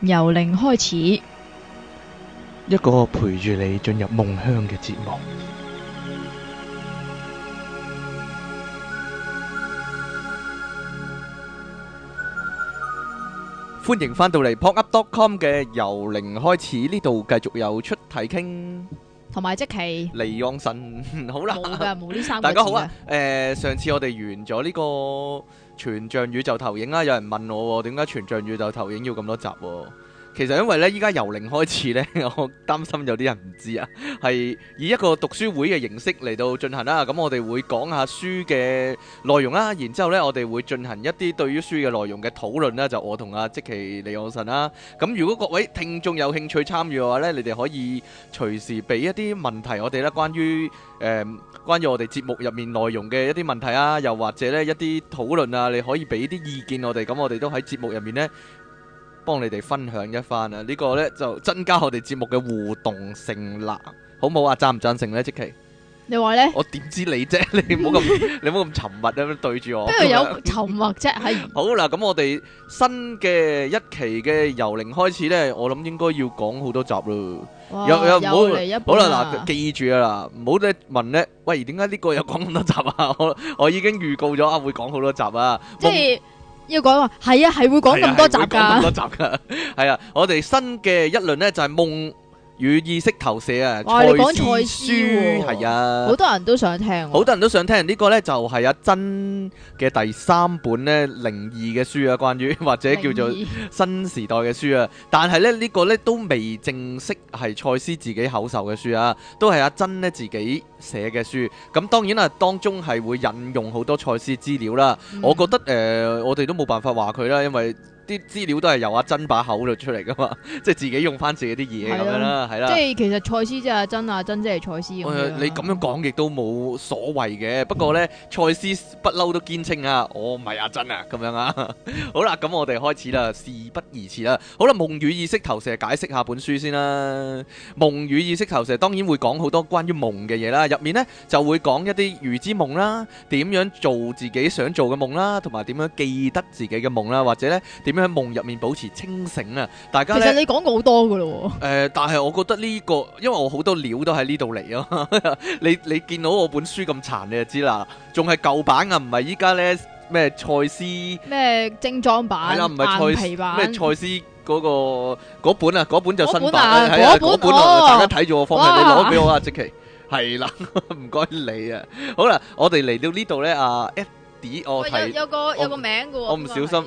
由零開始，一個陪住你進入夢鄉嘅節目。歡迎返到嚟 popup.com 嘅由零開始呢度，繼續有出題傾。同埋即期尼盎神 好啦，冇嘅，冇呢三個字嘅、大家好啊。誒、呃，上次我哋完咗呢個全像宇宙投影啦、啊，有人問我點、啊、解全像宇宙投影要咁多集喎、啊？其實因為咧，依家由零開始咧，我擔心有啲人唔知啊，係以一個讀書會嘅形式嚟到進行啦、啊。咁我哋會講下書嘅內容啦、啊，然之後咧，我哋會進行一啲對於書嘅內容嘅討論啦、啊。就我同阿即其、啊、李昂臣啦。咁如果各位聽眾有興趣參與嘅話咧，你哋可以隨時俾一啲問題我哋啦。關於誒、呃，關於我哋節目入面內容嘅一啲問題啊，又或者咧一啲討論啊，你可以俾啲意見我哋。咁我哋都喺節目入面咧。幫你哋分享一番啊！呢個咧就增加我哋節目嘅互動性啦，好唔好啊？贊唔贊成咧？即琪，你話咧？我點知你啫？你唔好咁，你唔好咁沉默咁樣對住我。邊有沉默啫？係好啦，咁我哋新嘅一期嘅由零開始咧，我諗應該要講好多集咯。有有冇？好啦嗱，記住啊啦，唔好咧問咧，喂，點解呢個又講咁多集啊？我我已經預告咗啊，會講好多集啊。即係。要講話係啊，係會講咁多集噶、咁多集噶，啊，係 啊，我哋新嘅一輪咧就係、是、夢。與意識投射啊！哇，你講賽斯書係啊，好多人都想聽，好多人都想聽。呢個咧就係阿珍嘅第三本咧靈異嘅書啊，關於或者叫做新時代嘅書啊。但係咧呢個呢，這個、都未正式係賽斯自己口授嘅書啊，都係阿珍咧自己寫嘅書。咁當然啦、啊，當中係會引用好多賽斯資料啦。嗯、我覺得誒、呃，我哋都冇辦法話佢啦，因為。啲資料都係由阿珍把口度出嚟㗎嘛，即係自己用翻自己啲嘢咁樣啦，係啦、啊。即係其實賽斯即係阿珍，阿珍即係賽斯咁樣。你咁樣講亦都冇所謂嘅，不過呢，賽斯不嬲都堅稱啊，我唔係阿珍啊，咁樣啊。 好啦，咁我哋開始啦，事不宜遲啦。好啦，夢啦《夢與意識投射》解釋下本書先啦，《夢與意識投射》當然會講好多關於夢嘅嘢啦，入面呢，就會講一啲預知夢啦，點樣做自己想做嘅夢啦，同埋點樣記得自己嘅夢啦，或者呢，點喺夢入面保持清醒啊！大家其實你講過好多噶啦。誒，但係我覺得呢個，因為我好多料都喺呢度嚟啊。你你見到我本書咁殘，你就知啦。仲係舊版啊，唔係依家咧咩？蔡司咩精裝版係啦，唔係蔡皮版咩？蔡司嗰個嗰本啊，嗰本就新版本。我本啊，我本啊，大家睇住我方向，你攞俾我啊，即奇。係啦，唔該你啊。好啦，我哋嚟到呢度咧，阿 Edie，我睇有有個有個名噶，我唔小心。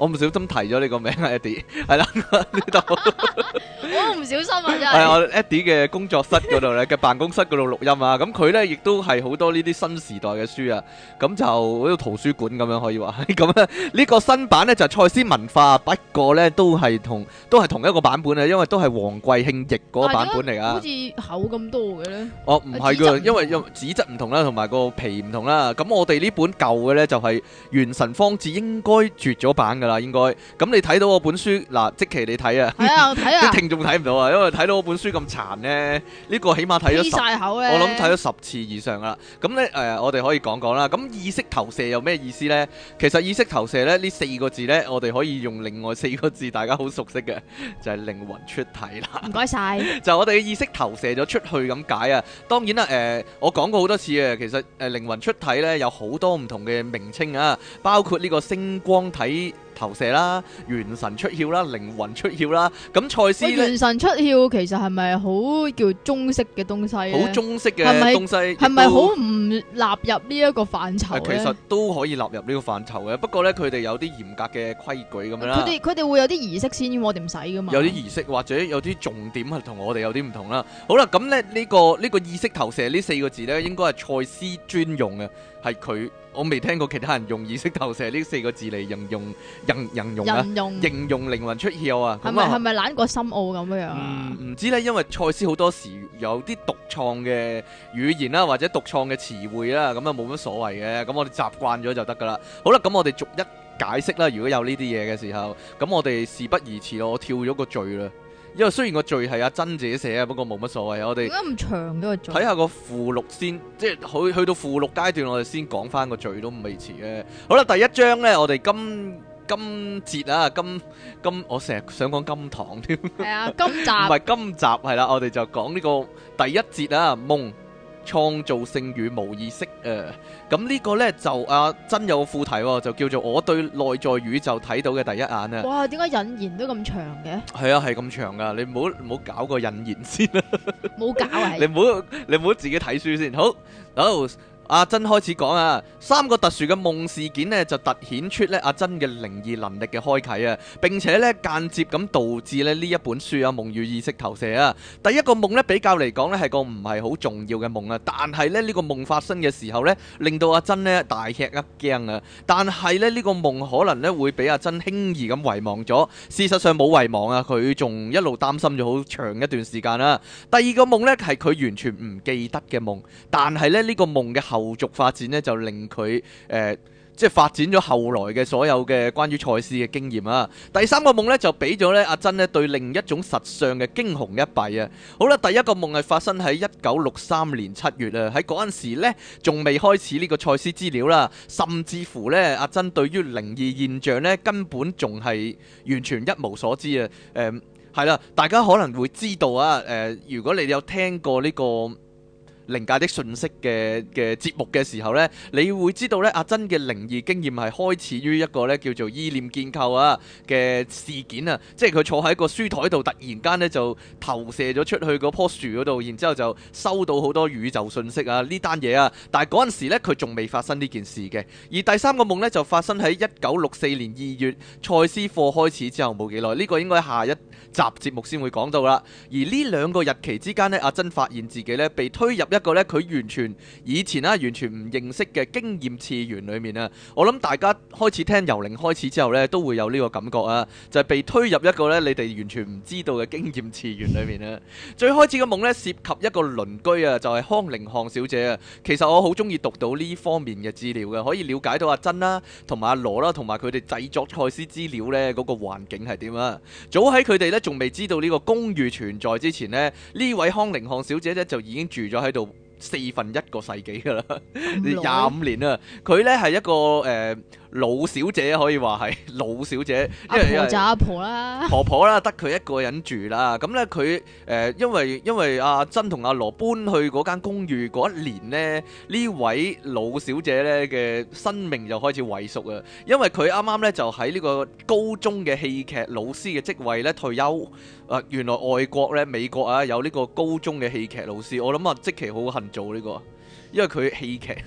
我唔小心提咗你個名啊，Eddie，係啦，呢度，我唔小心啊，真係。係我 Eddie 嘅工作室嗰度咧，嘅辦公室嗰度錄音啊。咁佢咧亦都係好多呢啲新時代嘅書啊。咁就好似圖書館咁樣可以話。咁咧呢個新版咧就係賽斯文化，不過咧，都係同都係同一個版本啊，因為都係王貴慶譯嗰個版本嚟啊。好似厚咁多嘅咧？哦，唔係噶，因為因紙質唔同啦，同埋個皮唔同啦。咁我哋呢本舊嘅咧就係元神方志應該絕咗版噶。嗱，應該咁你睇到我本書嗱，即期你睇啊，啲、啊啊、 聽眾睇唔到啊，因為睇到我本書咁殘呢，呢、這個起碼睇咗，啊、我諗睇咗十次以上噶啦。咁呢，誒、呃，我哋可以講講啦。咁意識投射有咩意思呢？其實意識投射呢，呢四個字呢，我哋可以用另外四個字，大家好熟悉嘅，就係、是、靈魂出體啦。唔該晒，就係我哋嘅意識投射咗出去咁解啊。當然啦，誒、呃、我講過好多次啊，其實誒、呃、靈魂出體呢，有好多唔同嘅名稱啊，包括呢個星光體。投射啦，元神出竅啦，靈魂出竅啦，咁賽斯咧，元神出竅其實係咪好叫中式嘅東西？好中式嘅東西係咪，係咪，係咪好唔納入範疇，呢一個範疇，其實都可以納入呢個範疇嘅，不過咧佢哋有啲嚴格嘅規矩咁樣啦。佢哋佢哋會有啲儀式先，我哋唔使噶嘛。有啲儀式或者有啲重點係同我哋有啲唔同啦。好啦，咁咧呢個呢、呢個意識投射呢四個字咧，應該係賽斯專用嘅，係佢。我未聽過其他人用意識投射呢四個字嚟形容形、形容、形容、啊、靈用魂出竅啊！係咪係咪懶過深奧咁樣、啊？唔唔、嗯、知呢，因為賽斯好多時有啲獨創嘅語言啦、啊，或者獨創嘅詞彙啦，咁啊冇乜所謂嘅。咁我哋習慣咗就得噶啦。好啦，咁我哋逐一解釋啦。如果有呢啲嘢嘅時候，咁我哋事不宜遲咯。我跳咗個序啦。因為雖然個序係阿真姐寫啊，不過冇乜所謂，我哋咁長嘅個睇下個附錄先，即係去去到附錄階段我，我哋先講翻個序都未遲嘅。好啦，第一章咧，我哋今金節啊，金金，我成日想講金堂添。係啊，金集唔係 金集，係啦、啊，我哋就講呢個第一節啦、啊，夢。創造性與無意識啊，咁呢個咧就啊真有副題喎，就叫做我對內在宇宙睇到嘅第一眼啊！哇，點解引言都咁長嘅？係啊，係咁長㗎，你唔好唔好搞個引言先啦，冇搞啊！你唔好你唔好自己睇書先，好嗱。阿珍開始講啊，三個特殊嘅夢事件呢，就突顯出呢阿珍嘅靈異能力嘅開啟啊。並且咧間接咁導致咧呢一本書啊《夢與意識投射》啊。第一個夢呢，比較嚟講呢，係個唔係好重要嘅夢啊，但係呢呢個夢發生嘅時候呢，令到阿珍呢大吃一驚啊。但係呢呢個夢可能呢會俾阿珍輕易咁遺忘咗。事實上冇遺忘啊，佢仲一路擔心咗好長一段時間啦。第二個夢呢，係佢完全唔記得嘅夢，但係呢呢個夢嘅後。後續發展呢，就令佢誒、呃，即係發展咗後來嘅所有嘅關於賽斯嘅經驗啊。第三個夢呢，就俾咗呢阿珍咧對另一種實相嘅驚鴻一瞥啊。好啦，第一個夢係發生喺一九六三年七月啊，喺嗰陣時咧仲未開始呢個賽斯資料啦，甚至乎呢，阿珍對於靈異現象呢，根本仲係完全一無所知啊。誒、呃，係啦，大家可能會知道啊。誒、呃，如果你有聽過呢、這個。靈界的信息嘅嘅節目嘅時候咧，你會知道咧，阿珍嘅靈異經驗係開始於一個咧叫做意念建構啊嘅事件啊，即係佢坐喺個書台度，突然間咧就投射咗出去嗰棵樹度，然之後就收到好多宇宙信息啊呢單嘢啊，但係陣時咧佢仲未發生呢件事嘅，而第三個夢咧就發生喺一九六四年二月賽斯課開始之後冇幾耐，呢個應該下一集節目先會講到啦。而呢兩個日期之間咧，阿珍發現自己咧被推入一一個咧，佢完全以前啦，完全唔認識嘅經驗次元裏面啊，我諗大家開始聽由零開始之後咧，都會有呢個感覺啊，就係、是、被推入一個咧，你哋完全唔知道嘅經驗次元裏面啊， 最開始嘅夢咧，涉及一個鄰居啊，就係康寧漢小姐啊。其實我好中意讀到呢方面嘅資料嘅，可以了解到阿珍啦，同埋阿羅啦，同埋佢哋製作賽斯資料咧，嗰個環境係點啊。早喺佢哋咧，仲未知道呢個公寓存在之前咧，呢位康寧漢小姐咧就已經住咗喺度。四分一個世紀㗎啦，廿五 年啊，佢咧係一個誒，呃老小姐可以話係老小姐，阿婆就阿婆啦，婆婆啦，得佢 一個人住啦。咁咧佢誒，因為因為阿珍同阿羅搬去嗰間公寓一年咧，呢位老小姐咧嘅生命就開始萎縮啊。因為佢啱啱咧就喺呢個高中嘅戲劇老師嘅職位咧退休。啊、呃，原來外國咧美國啊有呢個高中嘅戲劇老師，我諗啊極其好恨做呢、這個，因為佢戲劇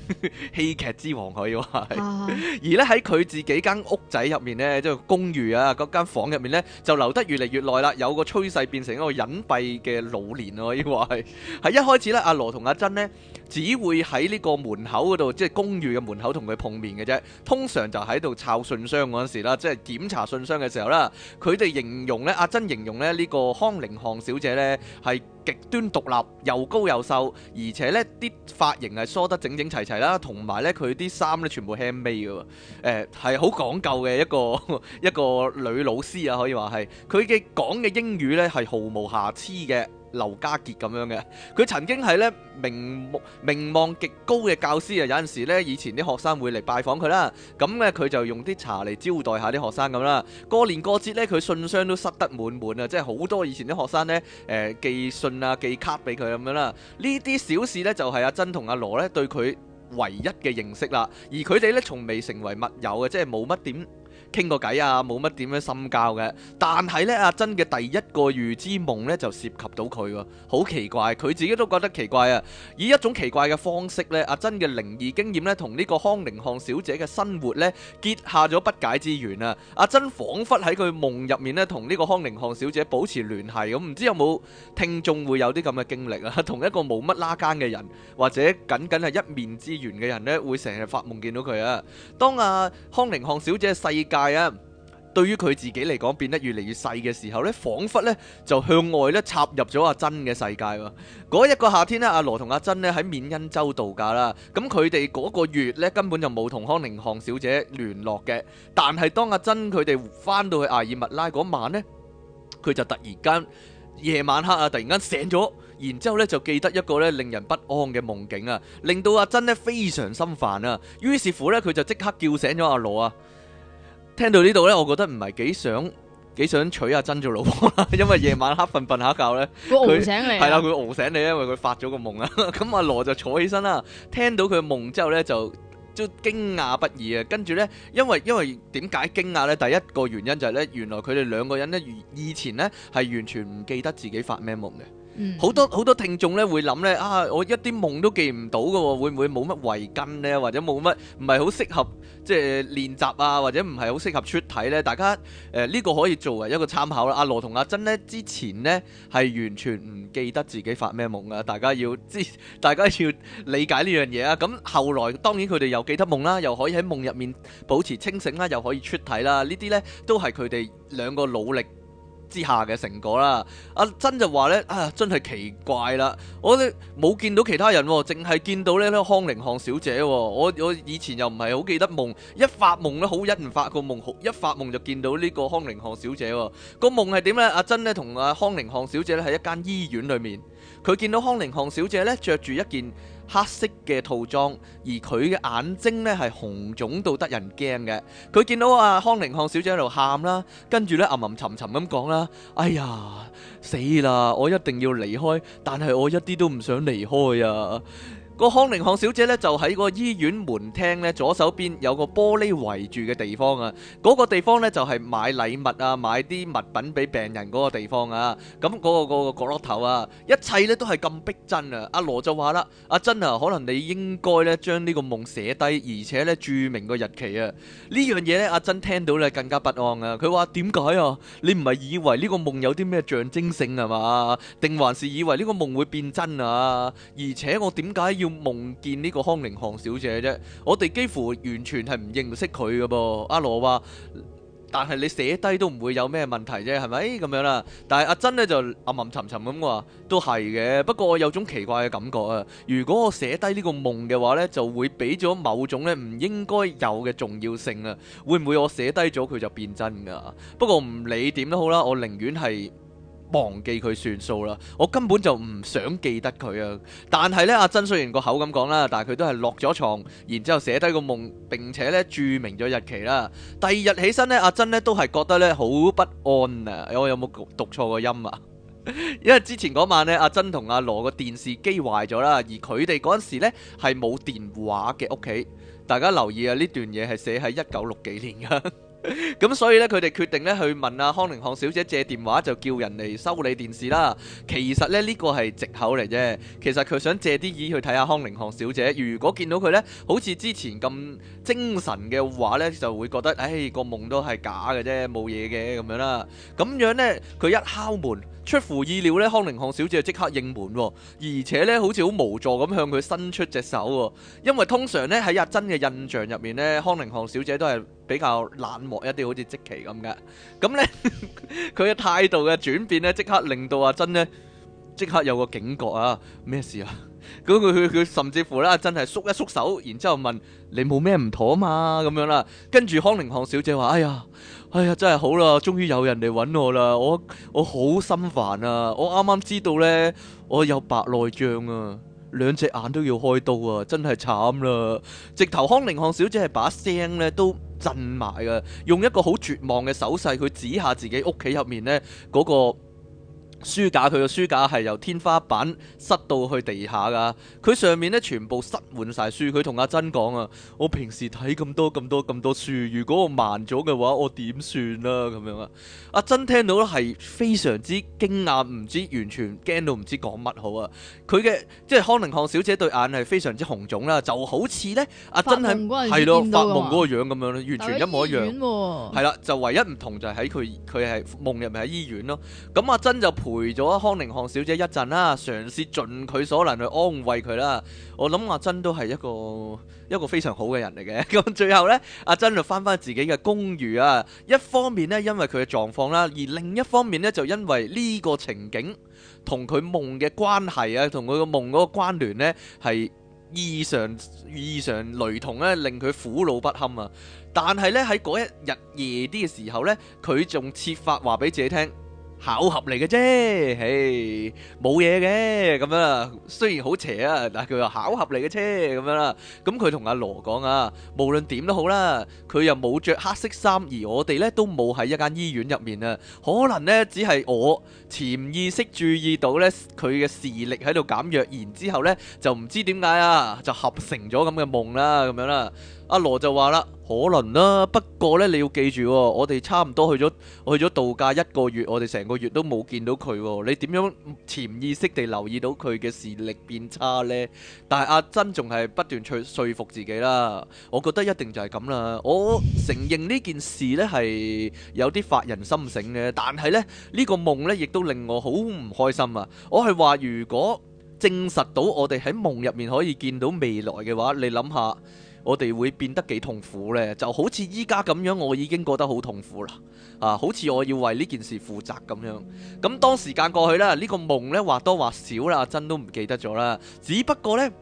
戲劇之王可以話係， 而咧喺佢自己間屋仔入面呢，即係公寓啊，嗰間房入面呢，就留得越嚟越耐啦。有個趨勢變成一個隱蔽嘅老年咯，應該係一開始呢，阿羅同阿珍呢，只會喺呢個門口嗰度，即係公寓嘅門口同佢碰面嘅啫。通常就喺度抄信箱嗰陣時啦，即係檢查信箱嘅時候啦。佢哋形容呢，阿珍形容呢，呢個康寧巷小姐呢，係。極端獨立，又高又瘦，而且呢啲髮型係梳得整整齊齊啦，同埋呢，佢啲衫呢全部 handmade 嘅，係、呃、好講究嘅一個 一個女老師啊，可以話係佢嘅講嘅英語呢，係毫無瑕疵嘅。劉家杰咁樣嘅，佢曾經係咧名名望極高嘅教師啊，有陣時咧，以前啲學生會嚟拜訪佢啦，咁咧佢就用啲茶嚟招待下啲學生咁啦。過年過節咧，佢信箱都塞得滿滿啊，即係好多以前啲學生咧，誒、呃、寄信啊寄卡俾佢咁樣啦。呢啲小事咧就係阿珍同阿羅咧對佢唯一嘅認識啦，而佢哋咧從未成為密友嘅，即係冇乜點。傾個偈啊，冇乜點樣深交嘅，但係呢，阿珍嘅第一個預知夢呢，就涉及到佢喎、啊，好奇怪，佢自己都覺得奇怪啊！以一種奇怪嘅方式呢，阿珍嘅靈異經驗呢，同呢個康寧漢小姐嘅生活呢，結下咗不解之緣啊！阿珍仿佛喺佢夢入面呢，同呢個康寧漢小姐保持聯繫咁，唔知有冇聽眾會有啲咁嘅經歷啊？同一個冇乜拉更嘅人或者僅僅係一面之緣嘅人呢，會成日發夢見到佢啊？當阿、啊、康寧漢小姐嘅世界。係啊，對於佢自己嚟講，變得越嚟越細嘅時候咧，仿佛咧就向外咧插入咗阿珍嘅世界喎。嗰一個夏天呢，阿羅同阿珍咧喺緬因州度假啦。咁佢哋嗰個月咧根本就冇同康寧漢小姐聯絡嘅。但係當阿珍佢哋翻到去阿爾密拉嗰晚呢，佢就突然間夜晚黑啊，突然間醒咗，然之後咧就記得一個咧令人不安嘅夢境啊，令到阿珍咧非常心煩啊。於是乎咧，佢就即刻叫醒咗阿羅啊。聽到呢度咧，我覺得唔係幾想幾想娶阿珍做老婆啦，因為夜晚黑瞓瞓下覺咧，佢、呃、醒你，係啦，佢熬醒你咧，因為佢發咗個夢啊。咁阿羅就坐起身啦，聽到佢嘅夢之後咧，就都驚訝不已啊。跟住咧，因為因為點解驚訝咧？第一個原因就係、是、咧，原來佢哋兩個人咧，以前咧係完全唔記得自己發咩夢嘅。好多好多聽眾咧會諗咧啊！我一啲夢都記唔到嘅喎，會唔會冇乜慧根呢？或者冇乜唔係好適合即係練習啊，或者唔係好適合出體呢？大家誒呢、呃這個可以作為一個參考啦。阿羅同阿珍呢之前呢係完全唔記得自己發咩夢啊，大家要知，大家要理解呢樣嘢啊。咁後來當然佢哋又記得夢啦，又可以喺夢入面保持清醒啦，又可以出體啦。呢啲呢都係佢哋兩個努力之下嘅成果啦，阿珍就話呢，啊，真係奇怪啦！我咧冇見到其他人，哦，淨係見到咧康寧巷小姐，哦。我我以前又唔係好記得夢，一發夢呢，好一唔發個夢，一發夢就見到呢個康寧巷小姐，哦。個夢係點呢？阿珍呢，同阿康寧巷小姐咧喺一間醫院裏面，佢見到康寧巷小姐呢，着住一件黑色嘅套裝，而佢嘅眼睛呢，係紅腫到得人驚嘅。佢見到阿、啊、康寧漢小姐喺度喊啦，跟住呢，吟吟沉沉咁講啦，哎呀，死啦！我一定要離開，但係我一啲都唔想離開啊！個康寧康小姐咧就喺個醫院門廳咧左手邊有個玻璃圍住嘅地方啊，嗰個地方咧就係買禮物啊，買啲物品俾病人嗰個地方啊。咁嗰個嗰個角落頭啊，一切咧都係咁逼真啊。阿羅就話啦，阿珍啊，可能你應該咧將呢個夢寫低，而且咧注明個日期啊。呢樣嘢咧，阿珍聽到咧更加不安啊。佢話，點解啊？你唔係以為呢個夢有啲咩象徵性啊嘛？定還是以為呢個夢會變真啊？而且我點解要？要夢見呢個康寧韓小姐啫，我哋幾乎完全係唔認識佢嘅噃。阿羅話：但係你寫低都唔會有咩問題啫，係咪咁樣啦？但係阿珍咧就吟吟沉沉咁話：都係嘅，不過我有種奇怪嘅感覺啊。如果我寫低呢個夢嘅話咧，就會俾咗某種咧唔應該有嘅重要性啊。會唔會我寫低咗佢就變真㗎？不過唔理點都好啦，我寧願係。忘記佢算數啦，我根本就唔想記得佢啊！但係呢，阿珍雖然個口咁講啦，但係佢都係落咗床，然之後寫低個夢，並且咧注明咗日期啦。第二日起身呢，阿珍呢都係覺得咧好不安啊！哎、我有冇讀錯個音啊？ 因為之前嗰晚呢，阿珍同阿羅個電視機壞咗啦，而佢哋嗰陣時咧係冇電話嘅屋企。大家留意啊，呢段嘢係寫喺一九六幾年噶。 咁 所以咧，佢哋決定咧去問阿康寧漢小姐借電話，就叫人嚟修理電視啦。其實咧呢個係借口嚟啫，其實佢想借啲意去睇下康寧漢小姐。如果見到佢咧好似之前咁精神嘅話咧，就會覺得唉、哎、個夢都係假嘅啫，冇嘢嘅咁樣啦。咁樣咧，佢一敲門。出乎意料咧，康寧漢小姐就即刻應門，而且咧好似好無助咁向佢伸出隻手。因為通常咧喺阿珍嘅印象入面咧，康寧漢小姐都係比較冷漠一啲，好似即奇咁嘅。咁咧佢嘅態度嘅轉變咧，即刻令到阿珍咧即刻有個警覺啊！咩事啊？咁佢佢佢甚至乎啦，真係縮一縮手，然之後問你冇咩唔妥啊嘛咁樣啦。跟住康寧漢小姐話：哎呀！哎呀，真係好啦，終於有人嚟揾我啦！我我好心煩啊！我啱啱知道呢，我有白內障啊，兩隻眼都要開刀啊，真係慘啦！直頭康寧漢小姐係把聲呢都震埋噶，用一個好絕望嘅手勢，去指下自己屋企入面呢嗰、那個。書架，佢個書架係由天花板塞到去地下㗎，佢上面咧全部塞滿晒書。佢同阿珍講啊：我平時睇咁多咁多咁多書，如果我慢咗嘅話，我點算啊？咁樣啊！阿珍聽到咧係非常之驚訝，唔知完全驚到唔知講乜好啊！佢嘅即係康寧漢小姐對眼係非常之紅腫啦，就好似咧阿珍喺係咯發夢嗰個樣咁樣完全一模一樣。係啦、啊，就唯一唔同就係喺佢佢係夢入面喺醫院咯。咁、啊、阿珍就回咗康寧漢小姐一陣啦，嘗試盡佢所能去安慰佢啦。我諗阿珍都係一個一個非常好嘅人嚟嘅。咁 最後呢，阿珍就翻翻自己嘅公寓啊。一方面呢，因為佢嘅狀況啦；而另一方面呢，就因為呢個情景同佢夢嘅關係啊，同佢個夢嗰個關聯呢，係異常異常雷同，呢令佢苦惱不堪啊。但係呢，喺嗰一日夜啲嘅時候呢，佢仲設法話俾自己聽。巧合嚟嘅啫，唉，冇嘢嘅咁啦。雖然好邪啊，但佢話巧合嚟嘅啫咁樣啦。咁佢同阿羅講啊，無論點都好啦，佢又冇著黑色衫，而我哋咧都冇喺一間醫院入面啊。可能咧只係我潛意識注意到咧佢嘅視力喺度減弱，然之後咧就唔知點解啊，就合成咗咁嘅夢啦，咁樣啦。阿羅就話啦，可能啦，不過呢，你要記住喎，我哋差唔多去咗，去咗度假一個月，我哋成個月都冇見到佢喎。你點樣潛意識地留意到佢嘅視力變差呢？但係阿珍仲係不斷去說服自己啦。我覺得一定就係咁啦。我承認呢件事呢係有啲發人心醒嘅，但係呢，呢個夢呢亦都令我好唔開心啊！我係話如果證實到我哋喺夢入面可以見到未來嘅話，你諗下。我哋會變得幾痛苦呢，就好似依家咁樣，我已經覺得好痛苦啦，啊，好似我要為呢件事負責咁樣。咁、嗯、當時間過去啦，呢、呢個夢呢，或多或少啦，真都唔記得咗啦，只不過呢。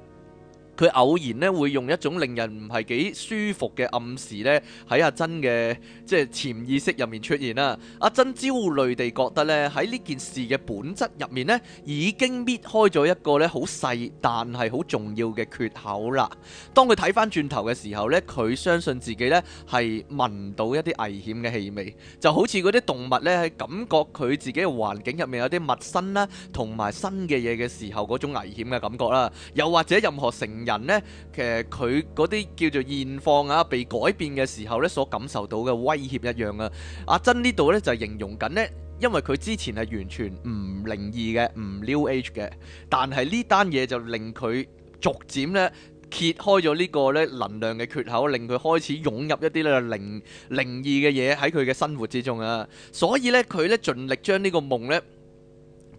佢偶然咧會用一種令人唔係幾舒服嘅暗示咧，喺阿珍嘅即係潛意識入面出現啦。阿珍焦慮地覺得咧，喺呢件事嘅本質入面咧，已經搣開咗一個咧好細但係好重要嘅缺口啦。當佢睇翻轉頭嘅時候咧，佢相信自己咧係聞到一啲危險嘅氣味，就好似啲動物咧喺感覺佢自己嘅環境入面有啲陌生啦，同埋新嘅嘢嘅時候嗰種危險嘅感覺啦。又或者任何成人呢，其實佢嗰啲叫做現況啊，被改變嘅時候呢，所感受到嘅威脅一樣啊。阿珍呢度呢，就係形容緊呢，因為佢之前係完全唔靈異嘅，唔 new age 嘅，但係呢單嘢就令佢逐漸呢揭開咗呢個呢能量嘅缺口，令佢開始湧入一啲呢靈靈異嘅嘢喺佢嘅生活之中啊。所以呢，佢呢盡力將呢個夢呢，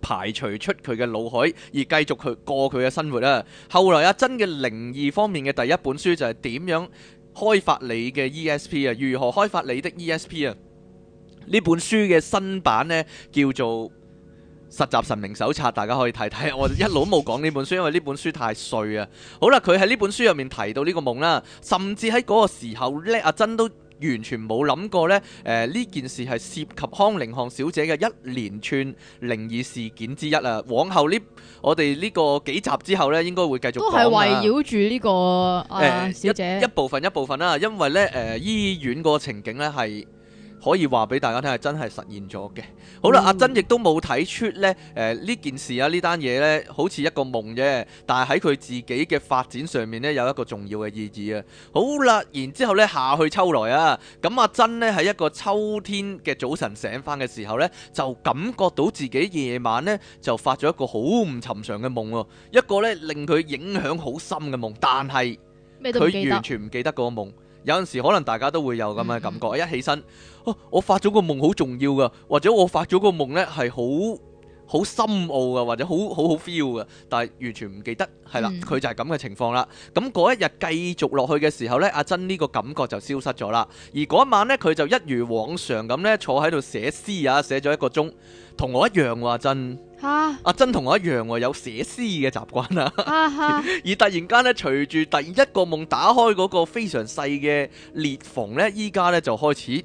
排除出佢嘅腦海，而繼續去過佢嘅生活啦、啊。後來阿珍嘅靈異方面嘅第一本書就係點樣開發你嘅 ESP 啊？如何開發你的 ESP 啊？呢本書嘅新版咧，叫做《實習神明手冊》，大家可以睇睇。我一路都冇講呢本書，因為呢本書太碎啊。好啦，佢喺呢本書入面提到呢個夢啦，甚至喺嗰個時候叻，阿珍都完全冇諗過咧，誒、呃、呢件事係涉及康寧巷小姐嘅一連串靈異事件之一啦、啊。往後呢，我哋呢個幾集之後咧，應該會繼續講啦。都係圍繞住呢個誒、啊、小姐、呃一。一部分一部分啦、啊，因為呢誒、呃、醫院嗰個情景呢係，可以話俾大家聽係真係實現咗嘅。好啦，嗯、阿珍亦都冇睇出咧。誒、呃、呢件事啊，事呢單嘢呢好似一個夢啫。但係喺佢自己嘅發展上面呢，有一個重要嘅意義啊。好啦，然之後呢下去秋來啊。咁、啊、阿珍呢喺一個秋天嘅早晨醒返嘅時候呢，就感覺到自己夜晚呢就發咗一個好唔尋常嘅夢喎。一個呢令佢影響好深嘅夢，但係佢完全唔記得嗰個夢。有陣時可能大家都會有咁嘅感覺，嗯、一起身。哦、我發咗個夢好重要噶，或者我發咗個夢呢係好好深奧噶，或者好好好 feel 噶，但係完全唔記得，係啦、嗯。佢就係咁嘅情況啦。咁嗰一日繼續落去嘅時候呢，阿珍呢個感覺就消失咗啦。而嗰晚呢，佢就一如往常咁呢坐喺度寫詩啊，寫咗一個鐘，同我一樣喎，阿哈阿珍同我一樣有寫詩嘅習慣啊。哈 而突然間呢，隨住第一個夢打開嗰個非常細嘅裂縫呢，依家呢就開始。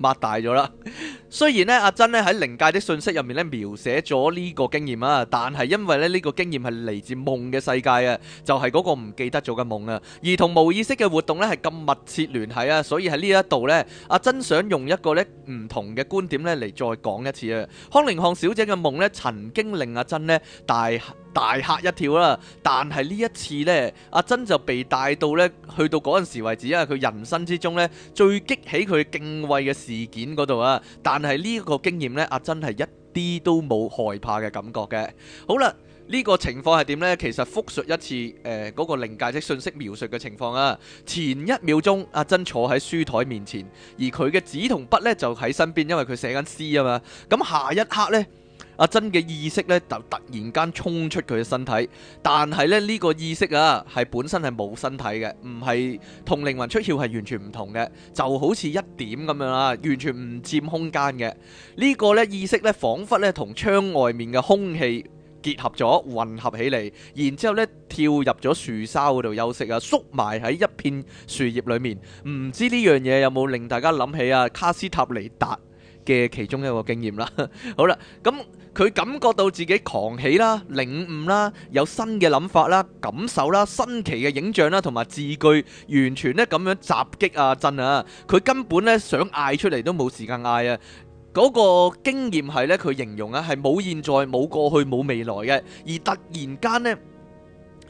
擘大咗啦。雖然呢，阿珍咧喺靈界的信息入面咧描寫咗呢個經驗啊，但係因為咧呢個經驗係嚟自夢嘅世界啊，就係、是、嗰個唔記得咗嘅夢啊。而同無意識嘅活動呢係咁密切聯繫啊，所以喺呢一度呢，阿珍想用一個呢唔同嘅觀點呢嚟再講一次啊。康寧漢小姐嘅夢呢曾經令阿珍呢大大嚇一跳啦，但係呢一次呢，阿珍就被帶到呢去到嗰陣時為止，啊，佢人生之中呢最激起佢敬畏嘅。事件嗰度啊，但係呢個經驗呢，阿珍係一啲都冇害怕嘅感覺嘅。好啦，呢、這個情況係點呢？其實複述一次誒嗰、呃那個靈界即信息描述嘅情況啊。前一秒鐘，阿珍坐喺書枱面前，而佢嘅紙同筆呢就喺身邊，因為佢寫緊詩啊嘛。咁下一刻呢。阿珍嘅意識咧，就突然間衝出佢嘅身體，但係咧呢、這個意識啊，係本身係冇身體嘅，唔係同靈魂出竅係完全唔同嘅，就好似一點咁樣啦，完全唔佔空間嘅。這個、呢個咧意識咧，彷彿咧同窗外面嘅空氣結合咗，混合起嚟，然之後咧跳入咗樹梢嗰度休息啊，縮埋喺一片樹葉裏面。唔知呢樣嘢有冇令大家諗起啊卡斯塔尼達嘅其中一個經驗啦？ 好啦，咁。佢感覺到自己狂喜啦、領悟啦、有新嘅諗法啦、感受啦、新奇嘅影像啦，同埋字句，完全咧咁樣襲擊啊！震啊！佢根本咧想嗌出嚟都冇時間嗌啊！嗰個經驗係咧，佢形容啊，係冇現在、冇過去、冇未來嘅，而突然間咧，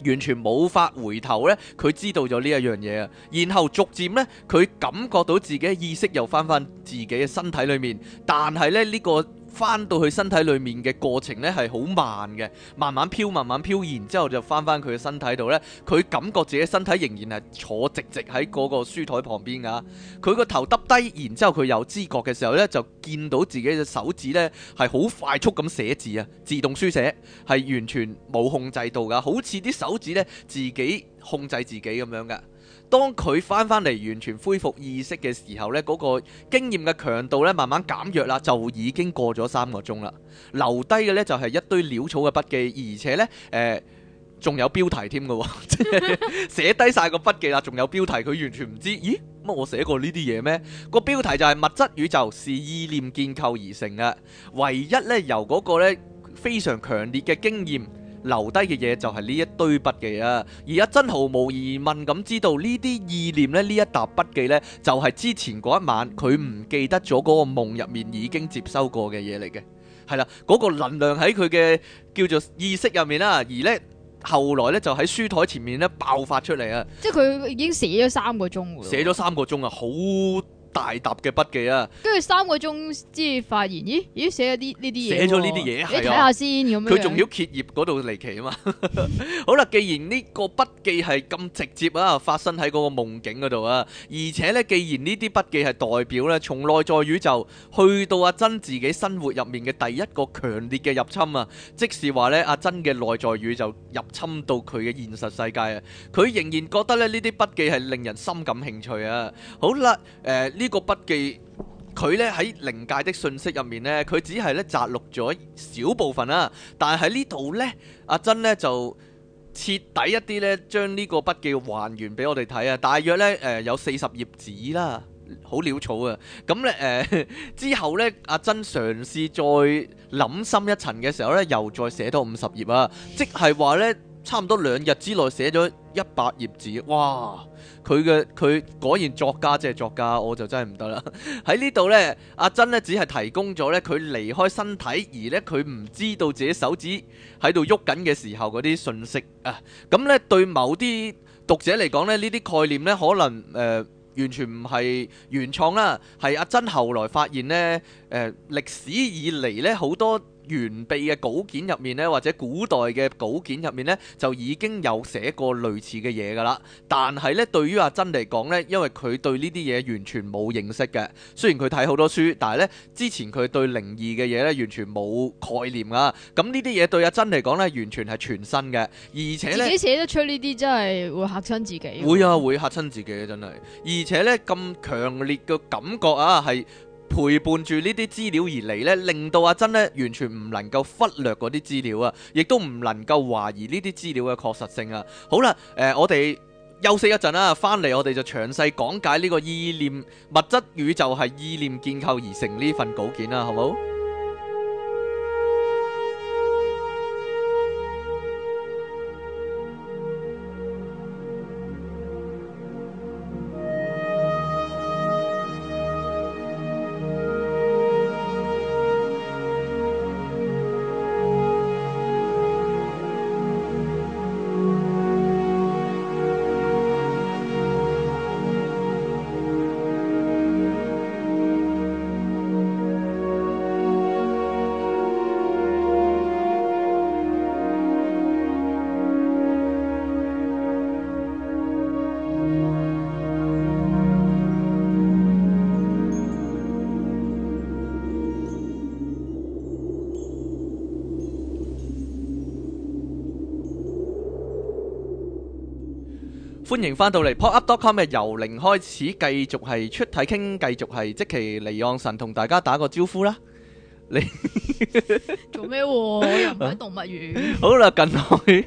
完全冇法回頭咧，佢知道咗呢一樣嘢啊！然後逐漸咧，佢感覺到自己嘅意識又翻返自己嘅身體裏面，但係咧呢個。翻到佢身體裏面嘅過程呢，係好慢嘅，慢慢飄慢慢飄，然之後就翻翻佢嘅身體度呢，佢感覺自己身體仍然係坐直直喺嗰個書枱旁邊噶，佢個頭耷低，然之後佢有知覺嘅時候呢，就見到自己嘅手指呢，係好快速咁寫字啊，自動書寫係完全冇控制到噶，好似啲手指呢，自己控制自己咁樣嘅。當佢翻翻嚟完全恢復意識嘅時候呢，嗰、嗰個經驗嘅強度咧慢慢減弱啦，就已經過咗三個鐘啦。留低嘅呢，就係、是、一堆潦草嘅筆記，而且呢，誒、呃、仲有標題添㗎、哦，寫低晒個筆記啦，仲有標題，佢完全唔知，咦乜我寫過呢啲嘢咩？個標題就係物質宇宙是意念建構而成嘅，唯一呢，由嗰個呢非常強烈嘅經驗。留低嘅嘢就係呢一堆筆記啊！而阿珍毫無疑問咁知道呢啲意念咧，呢一沓筆記呢，就係之前嗰一晚佢唔記得咗嗰個夢入面已經接收過嘅嘢嚟嘅，係啦，嗰個能量喺佢嘅叫做意識入面啦，而呢，後來呢，就喺書枱前面呢爆發出嚟啊！即係佢已經寫咗三個鐘喎，寫咗三個鐘啊，好～大沓嘅筆記啊，跟住三個鐘即係發現，咦咦寫咗啲呢啲嘢，寫咗呢啲嘢，你睇下先咁樣，佢仲要揭頁嗰度離奇啊嘛。好啦，既然呢個筆記係咁直接啊，發生喺嗰個夢境嗰度啊，而且咧，既然呢啲筆記係代表咧從內在宇宙去到阿珍自己生活入面嘅第一個強烈嘅入侵啊，即是話咧阿珍嘅內在宇宙入侵到佢嘅現實世界啊，佢仍然覺得咧呢啲筆記係令人深感興趣啊。好啦，誒呢。個筆呢個筆記佢咧喺靈界的信息入面咧，佢只係咧摘錄咗少部分啦。但係喺呢度咧，阿珍咧就徹底一啲咧，將呢個筆記還原俾我哋睇啊。大約咧誒有四十頁紙啦，好潦草啊。咁呢，誒、呃嗯呃、之後呢，阿珍嘗試再諗深一層嘅時候呢又再寫多五十頁啊。即係話呢，差唔多兩日之內寫咗。一百頁紙，哇！佢嘅佢果然作家即係作家，我就真係唔得啦。喺呢度呢，阿珍呢，只係提供咗呢，佢離開身體而呢，佢唔知道自己手指喺度喐緊嘅時候嗰啲信息啊。咁呢，對某啲讀者嚟講呢，呢啲概念呢，可能誒、呃、完全唔係原創啦，係阿珍後來發現呢，誒、呃、歷史以嚟呢，好多，完備嘅稿件入面呢，或者古代嘅稿件入面呢，就已經有寫過類似嘅嘢噶啦。但係呢，對於阿珍嚟講呢，因為佢對呢啲嘢，完全冇認識嘅。雖然佢睇好多書，但係呢，之前佢對靈異嘅嘢呢，完全冇概念啊。咁呢啲嘢對阿珍嚟講呢，完全係全新嘅，而且自己寫得出呢啲真係會嚇親自己。會啊，會嚇親自己啊，真係，而且呢，咁強烈嘅感覺啊，係。陪伴住呢啲資料而嚟咧，令到阿珍咧完全唔能夠忽略嗰啲資料啊，亦都唔能夠懷疑呢啲資料嘅確實性啊。好啦，誒、呃，我哋休息一陣啦，翻嚟我哋就詳細講解呢個意念物質宇宙係意念建構而成呢份稿件啊，好冇？歡迎翻到嚟 Pop-up.com，日由零開始，繼續係出體傾，繼續係即期離岸神同大家打個招呼啦。你做咩？我又唔喺動物園？好啦，近來，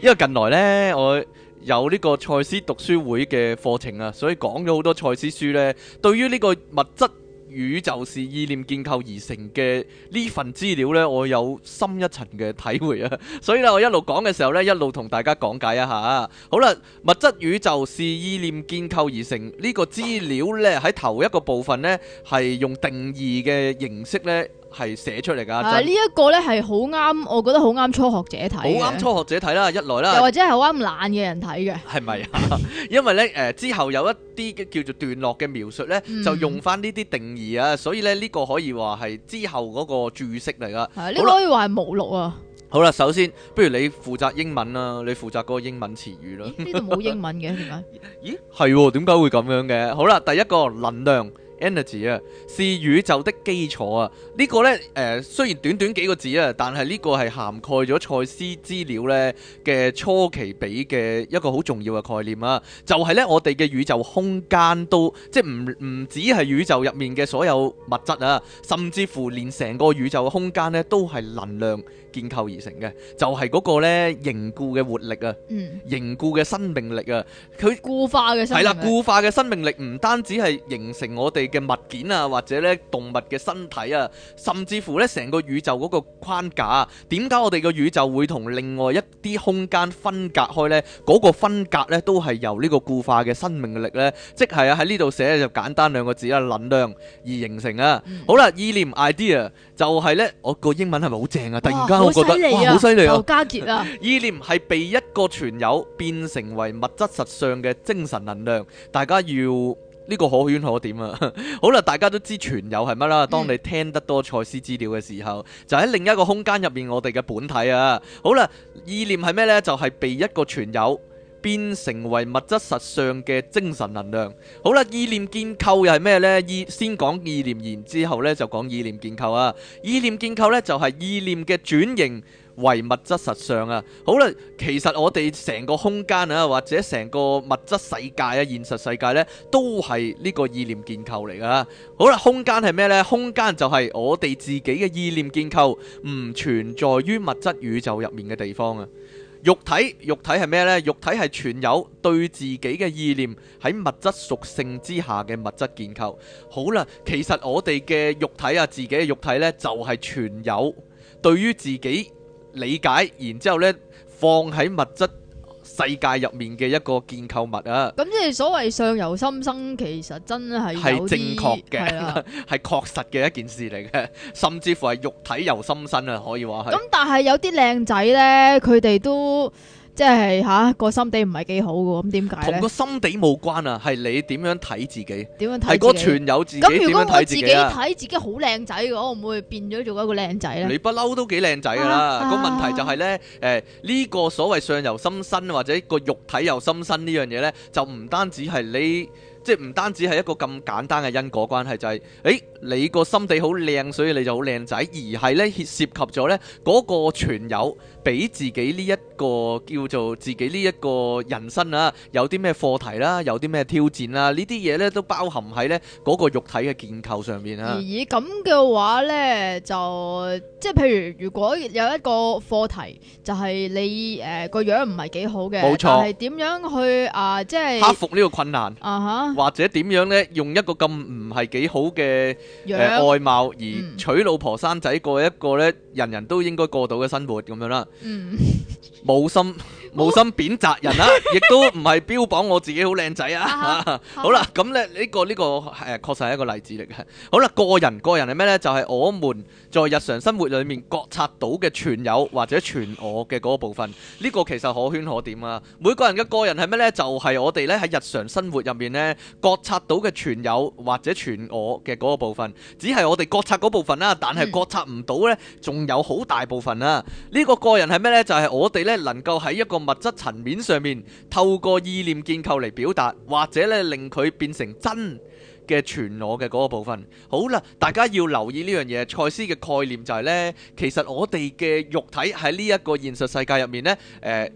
因為近來呢，我有呢個賽斯讀書會嘅課程啊，所以講咗好多賽斯書呢，對於呢個物質。宇宙是意念建構而成嘅呢份資料呢，我有深一層嘅體會啊！所以咧，我一路講嘅時候呢，一路同大家講解一下。好啦，物質宇宙是意念建構而成呢個資料呢，喺頭一個部分呢，係用定義嘅形式呢。係寫出嚟噶，但係呢一個咧係好啱，我覺得好啱初學者睇，好啱初學者睇啦，一來啦，又或者係好啱懶嘅人睇嘅，係咪啊？因為咧，誒之後有一啲叫做段落嘅描述咧，就用翻呢啲定義啊，所以咧，呢個可以話係之後嗰個注釋嚟噶，係呢個可以話係目錄啊。好啦，首先不如你負責英文啦，你負責嗰個英文詞語啦。呢度冇英文嘅，點解？咦，係點解會咁樣嘅？好啦，第一個能量。energy 啊，是宇宙的基礎啊。呢、這個呢，誒、呃，雖然短短幾個字啊，但係呢個係涵蓋咗塞斯資料呢嘅初期俾嘅一個好重要嘅概念啊。就係呢，我哋嘅宇宙空間都即係唔唔止係宇宙入面嘅所有物質啊，甚至乎連成個宇宙嘅空間呢都係能量。建構而成嘅，就係、是、個個咧凝固嘅活力啊，嗯、凝固嘅生命力啊，佢固化嘅生命力係啦、啊，固化嘅生命力唔單止係形成我哋嘅物件啊，或者咧動物嘅身體啊，甚至乎咧成個宇宙個框架，點解我哋嘅宇宙會同另外一啲空間分隔開咧？嗰個分隔咧都係由呢個固化嘅生命力咧，即係啊喺呢度寫就簡單兩個字啊，能量而形成啊。嗯、好啦，意念 idea 就係咧，我、個英文係咪好正啊？突然間。好犀利啊！好犀利啊！啊！ 意念係被一個存有變成為物質實相嘅精神能量，大家要呢、這個可圈可點啊！ 好啦，大家都知存有係乜啦？嗯、當你聽得多賽斯資料嘅時候，就喺另一個空間入面，我哋嘅本體啊！好啦，意念係咩呢？就係、是、被一個存有。變成為物質實相嘅精神能量。好啦，意念建構又係咩呢？意先講意念，然之後咧就講意念建構啊。意念建構呢，就係意念嘅轉型為物質實相啊。好啦，其實我哋成個空間啊，或者成個物質世界啊，現實世界呢，都係呢個意念建構嚟噶。好啦，空間係咩呢？空間就係我哋自己嘅意念建構，唔存在於物質宇宙入面嘅地方啊。肉體，肉體係咩呢？肉體係存有對自己嘅意念喺物質屬性之下嘅物質結構。好啦，其實我哋嘅肉體啊，自己嘅肉體呢，就係存有對於自己理解，然之後呢，放喺物質。世界入面嘅一個建構物啊，咁即係所謂相由心生，其實真係係正確嘅，係 確實嘅一件事嚟嘅，甚至乎係肉體由心生啊，可以話係。咁但係有啲靚仔呢，佢哋都。即係吓、啊、個心地唔係幾好嘅，咁點解同個心地冇關啊，係你點樣睇自己？點樣睇？全有自己點睇如自己、啊、自己睇自己好靚仔嘅，我唔會變咗做一個靚仔，仔啦。你不嬲都幾靚仔噶啦，啊、個問題就係、是、咧，誒、欸、呢、這個所謂上游心身或者個肉體游心身呢樣嘢咧，就唔單止係你。即係唔單止係一個咁簡單嘅因果關係，就係誒你個心地好靚，所以你就好靚仔，而係咧涉涉及咗咧嗰個全有俾自己呢一個叫做自己呢一個人生啊，有啲咩課題啦，有啲咩挑戰啦，呢啲嘢咧都包含喺咧嗰個肉體嘅建構上面啊。咦咁嘅話咧就即係譬如如果有一個課題就係你誒個樣唔係幾好嘅，冇錯係點樣去啊即係克服呢個困難啊吓。或者點樣呢？用一個咁唔係幾好嘅外樣、呃、貌而娶老婆生仔過一個咧，人人都應該過到嘅生活咁樣啦。冇、嗯、 心冇心貶責人啦、啊， 亦都唔係標榜我自己好靚仔啊。啊哈 好啦，咁咧、嗯、呢、呢個呢、呢個係、呢個、確實係一個例子嚟嘅。好啦，個人個人係咩呢？就係、係、我們在日常生活裏面覺察到嘅全有或者全我嘅嗰部分。呢、呢個其實可圈可點啊。每個人嘅個人係咩呢？就係、係、我哋咧喺日常生活入面呢。就係覺察到嘅存有或者全我嘅嗰個部分，只係我哋覺察嗰部分啦。但係覺察唔到呢，仲有好大部分啦、啊。呢、這個個人係咩呢？就係、是、我哋呢，能夠喺一個物質層面上面透過意念建構嚟表達，或者呢令佢變成真嘅全我嘅嗰個部分。好啦，大家要留意呢樣嘢。賽斯嘅概念就係呢，其實我哋嘅肉體喺呢一個現實世界入面呢，誒、呃，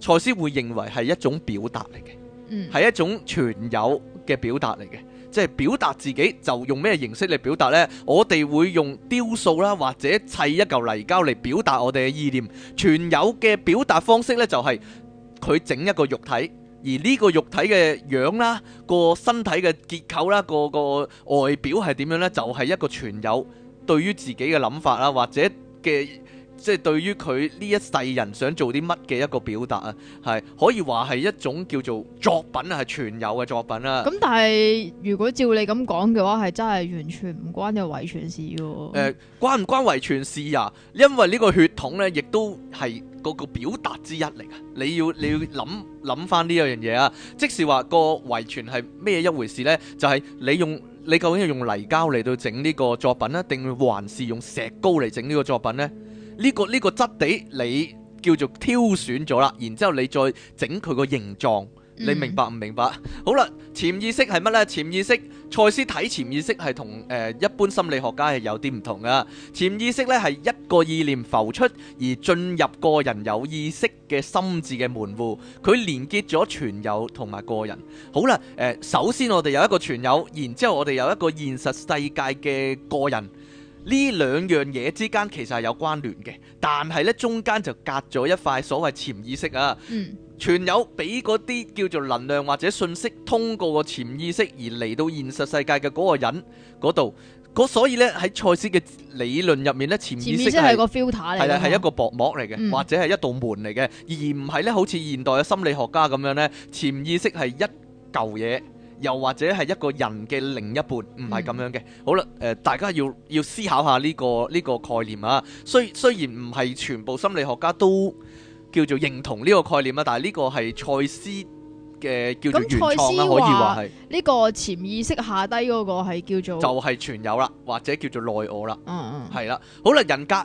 賽斯會認為係一種表達嚟嘅，係、嗯、一種存有。嘅表達嚟嘅，即係表達自己就用咩形式嚟表達呢？我哋會用雕塑啦，或者砌一嚿泥膠嚟表達我哋嘅意念。全有嘅表達方式呢，就係佢整一個肉體，而呢個肉體嘅樣啦、個身體嘅結構啦、個個外表係點樣呢？就係、是、一個全有對於自己嘅諗法啦，或者嘅。即係對於佢呢一世人想做啲乜嘅一個表達啊，係可以話係一種叫做作，作品啊，係全有嘅作品啦。咁但係如果照你咁講嘅話，係真係完全唔關個遺傳事嘅。誒、呃，關唔關遺傳事呀，啊？因為呢個血統咧，亦都係嗰個表達之一嚟噶。你要你要諗諗翻呢樣嘢啊。即使話個遺傳係咩一回事咧，就係、是、你用你究竟係用泥膠嚟到整呢個作品咧，啊，定還是用石膏嚟整呢個作品咧？呢個呢個質地，你叫做挑選咗啦，然之後你再整佢個形狀，嗯、你明白唔明白？好啦，潛意識係乜呢？潛意識，賽斯體潛意識係同誒一般心理學家係有啲唔同噶。潛意識呢係一個意念浮出而進入個人有意識嘅心智嘅門戶，佢連結咗存有同埋個人。好啦，誒、呃，首先我哋有一個存有，然之後我哋有一個現實世界嘅個人。呢兩樣嘢之間其實係有關聯嘅，但係呢中間就隔咗一塊所謂潛意識啊。嗯，全有俾嗰啲叫做能量或者信息通過個潛意識而嚟到現實世界嘅嗰個人嗰度。嗰所以呢，喺賽斯嘅理論入面呢，潛意識係個 filter 嚟，係係一個薄膜嚟嘅，嗯、或者係一道門嚟嘅，而唔係呢，好似現代嘅心理學家咁樣呢，潛意識係一舊嘢。又或者係一個人嘅另一半，唔係咁樣嘅。嗯、好啦，誒、呃，大家要要思考下呢、呢個呢、呢個概念啊。雖雖然唔係全部心理學家都叫做認同呢個概念啊，但係呢個係賽斯嘅叫做原創啦、啊，可以話係呢個潛意識下低嗰個係叫做就係存有啦，或者叫做內我啦。嗯嗯，係啦。好啦，人格。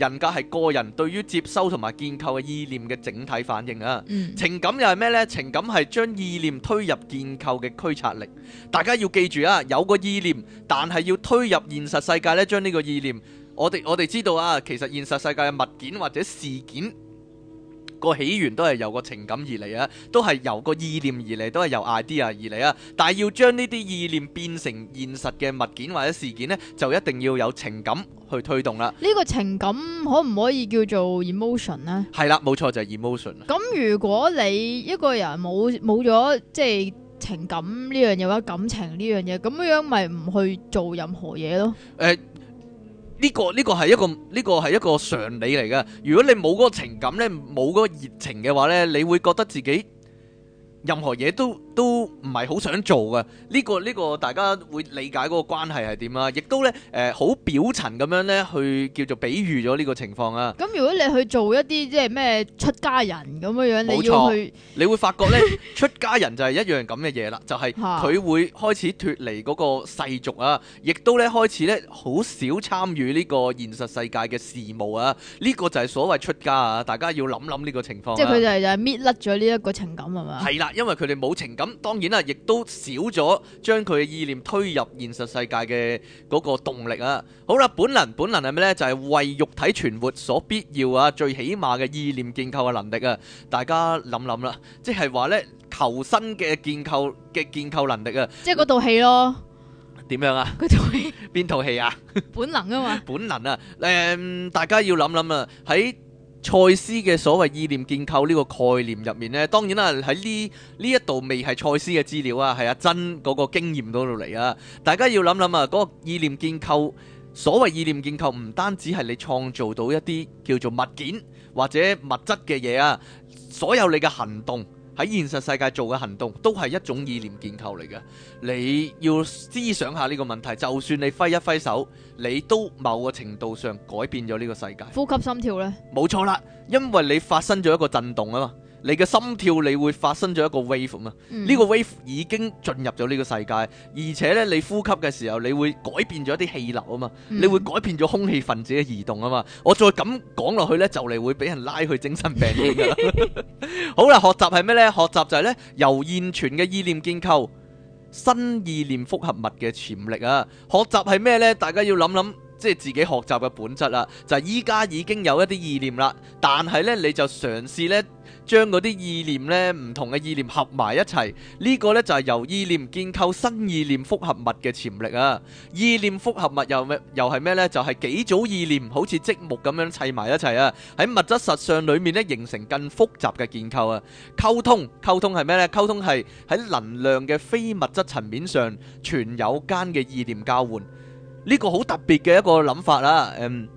人格係個人對於接收同埋建構嘅意念嘅整體反應啊，嗯、情感又係咩呢？情感係將意念推入建構嘅驅策力。大家要記住啊，有個意念，但係要推入現實世界呢，將呢個意念，我哋我哋知道啊，其實現實世界嘅物件或者事件。個起源都係由個情感而嚟啊，都係由個意念而嚟，都係由 idea 而嚟啊。但係要將呢啲意念變成現實嘅物件或者事件呢，就一定要有情感去推動啦。呢個情感可唔可以叫做 emotion 呢？係啦，冇錯就係 emotion。咁如果你一個人冇冇咗即係情感呢樣嘢，或者感情呢樣嘢，咁樣咪唔去做任何嘢咯？誒。呢個呢個係一個呢個係一個常理嚟嘅。如果你冇嗰個情感咧，冇嗰個熱情嘅話，呢，你會覺得自己任何嘢都都唔係好想做嘅，呢、這個呢、這個大家會理解個關係係點啊，亦都咧誒好表層咁樣咧去叫做比喻咗呢個情況啊。咁如果你去做一啲即係咩出家人咁樣樣你要去，你會發覺咧 出家人就係一樣咁嘅嘢啦，就係、是、佢會開始脫離個世俗啊，亦都咧開始咧好少參與呢個現實世界嘅事務啊。呢、這個就係所謂出家啊，大家要諗諗呢個情況，即係佢就係就係搣甩咗呢一個情感係嘛，係係啦，因為佢哋冇情感。當然啦，亦都少咗將佢嘅意念推入現實世界嘅嗰個動力啊！好啦，本能本能係咩呢？就係、是、為肉體存活所必要啊，最起碼嘅意念建構嘅能力啊！大家諗諗啦，即係話呢，求生嘅建構嘅建構能力啊！即係嗰套戲咯，點樣啊？嗰套戲邊套戲啊？本能啊嘛！本能啊！誒、嗯，大家要諗諗啊。喺。賽斯嘅所謂意念建構呢個概念入面呢，當然啦喺呢呢一度未係賽斯嘅資料啊，係阿珍嗰個經驗嗰度嚟啊！大家要諗諗啊，嗰、嗰個意念建構，所謂意念建構唔單止係你創造到一啲叫做物件或者物質嘅嘢啊，所有你嘅行動。喺現實世界做嘅行動都係一種意念建構嚟嘅。你要思想下呢個問題，就算你揮一揮手，你都某個程度上改變咗呢個世界。呼吸心跳呢？冇錯啦，因為你發生咗一個震動啊嘛。你嘅心跳，你會發生咗一個 wave 嘛、嗯？呢個 wave 已經進入咗呢個世界，而且呢，你呼吸嘅時候，你會改變咗啲氣流啊嘛，嗯、你會改變咗空氣分子嘅移動啊嘛。我再咁講落去呢， 就嚟會俾人拉去精神病院噶啦。好啦，學習係咩呢？學習就係呢，由現存嘅意念建構新意念複合物嘅潛力啊！學習係咩呢？大家要諗諗，即係自己學習嘅本質啦、啊。就係依家已經有一啲意念啦，但係呢，你就嘗試呢。將嗰啲意念呢，唔同嘅意念合埋一齊，呢、這個呢就係由意念建構新意念複合物嘅潛力啊！意念複合物又咩？又係咩呢？就係、是、幾組意念好似積木咁樣砌埋一齊啊！喺物質實相裏面呢，形成更複雜嘅建構啊！溝通，溝通係咩呢？溝通係喺能量嘅非物質層面上，存有間嘅意念交換，呢、這個好特別嘅一個諗法啦、啊嗯！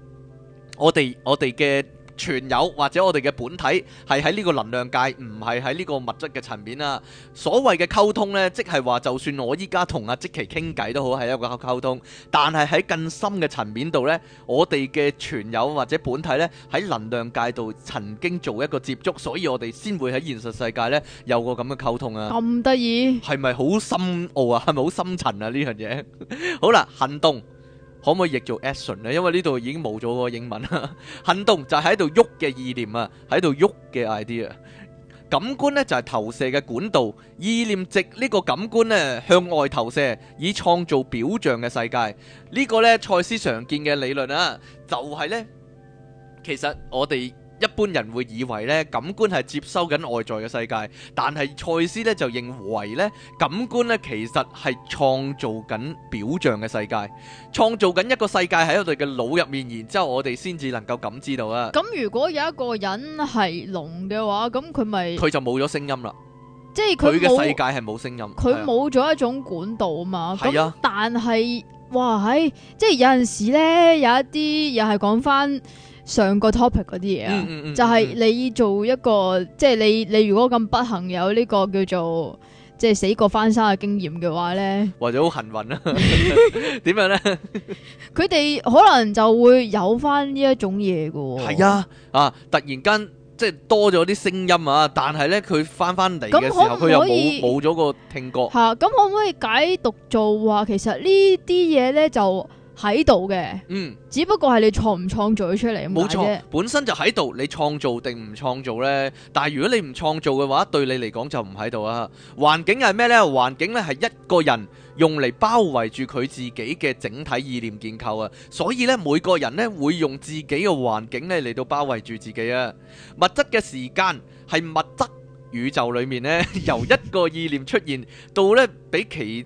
我哋我哋嘅。存有或者我哋嘅本體係喺呢個能量界，唔係喺呢個物質嘅層面啦、啊。所謂嘅溝通呢，即係話就算我依家同阿即奇傾偈都好，係一個溝通。但係喺更深嘅層面度呢，我哋嘅存有或者本體呢，喺能量界度曾經做一個接觸，所以我哋先會喺現實世界呢有個咁嘅溝通啊。咁得意係咪好深奧啊？係咪好深層啊？呢樣嘢好啦，行動。可唔可以譯做 action 咧？因為呢度已經冇咗個英文啦。行動就喺度喐嘅意念啊，喺度喐嘅 idea。感官咧就係、是、投射嘅管道，意念藉呢個感官咧向外投射，以創造表象嘅世界。這個、呢個咧賽斯常見嘅理論啊，就係、是、咧其實我哋。一般人會以為咧感官係接收緊外在嘅世界，但係賽斯咧就認為咧感官咧其實係創造緊表象嘅世界，創造緊一個世界喺我哋嘅腦入面，然之後我哋先至能夠感知到啊。咁如果有一個人係聾嘅話，咁佢咪佢就冇咗聲音啦，即係佢嘅世界係冇聲音，佢冇咗一種管道啊嘛。咁但係哇，係即係有陣時咧有一啲又係講翻。上個 topic 嗰啲嘢啊，嗯嗯嗯就係你做一個，即係你你如果咁不幸有呢個叫做，即係死過翻生嘅經驗嘅話咧，或者好幸運啊，點 樣咧呢？佢哋 可能就會有翻呢一種嘢嘅喎。係啊，啊，突然間即係多咗啲聲音啊，但係咧佢翻翻嚟嘅時候，佢又冇冇咗個聽覺。係啊，咁可唔可以解讀做話其實呢啲嘢咧就？就喺度嘅，嗯，只不過係你創唔創造咗出嚟啊？冇錯，本身就喺度，你創造定唔創造呢？但係如果你唔創造嘅話，對你嚟講就唔喺度啊。環境係咩呢？環境咧係一個人用嚟包圍住佢自己嘅整體意念建構啊。所以咧，每個人咧會用自己嘅環境咧嚟到包圍住自己啊。物質嘅時間係物質宇宙裏面咧 由一個意念出現到咧俾其。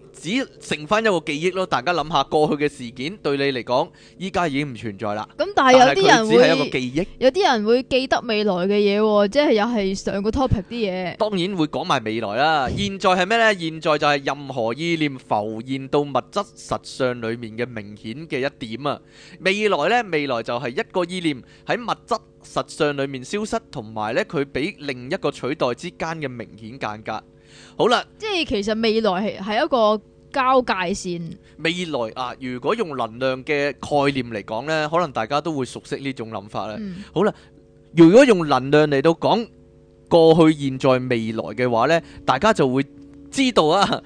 只剩翻一個記憶咯，大家諗下過去嘅事件對你嚟講，依家已經唔存在啦。咁但係有啲人會係一個記憶，有啲人會記得未來嘅嘢，即係又係上個 topic 啲嘢。當然會講埋未來啦。現在係咩呢？現在就係任何意念浮現到物質實相裡面嘅明顯嘅一點啊。未來呢，未來就係一個意念喺物質實相裡面消失同埋呢，佢俾另一個取代之間嘅明顯間隔。好啦，即係其實未來係係一個。交界線未來啊！如果用能量嘅概念嚟講呢，可能大家都會熟悉呢種諗法啦。好啦，如果用能量嚟到講過去、現在、未來嘅話呢，大家就會知道啊，